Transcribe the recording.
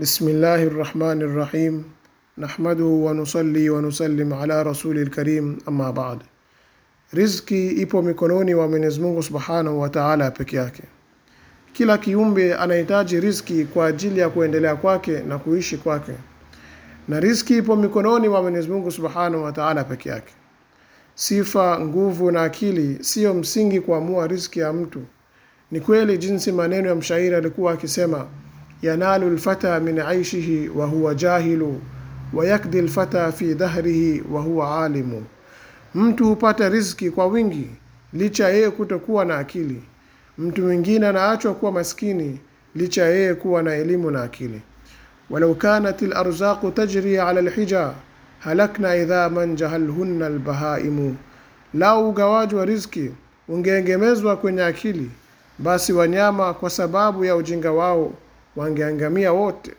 Bismillahi rahmani rahim nahmaduhu wanusalli wanusallim ala rasuli lkarim amma bad. rizki ipo mikononi wa Mwenyezi Mungu subhanahu wa taala peke yake. Kila kiumbe anahitaji riziki kwa ajili ya kuendelea kwake na kuishi kwake, na riziki ipo mikononi wa Mwenyezi Mungu subhanahu wa taala peke yake. Sifa, nguvu na akili siyo msingi kuamua riziki ya mtu. Ni kweli jinsi maneno ya mshairi alikuwa akisema ينال lfata min aishihi wahuwa jahilu wayakdi lfata fi dhahrihi wa huwa alimu, mtu hupata riziki kwa wingi licha ya yeye kutokuwa na akili. Mtu mwingine anaachwa kuwa maskini licha ya yeye kuwa na elimu na akili. walau kanat larzaqu tajri ala lhija halakna idha jahalhunna lbahaimu, lau ugawaji wa riziki ungeengemezwa kwenye akili, basi wanyama kwa sababu ya ujinga wao wangeangamia wote.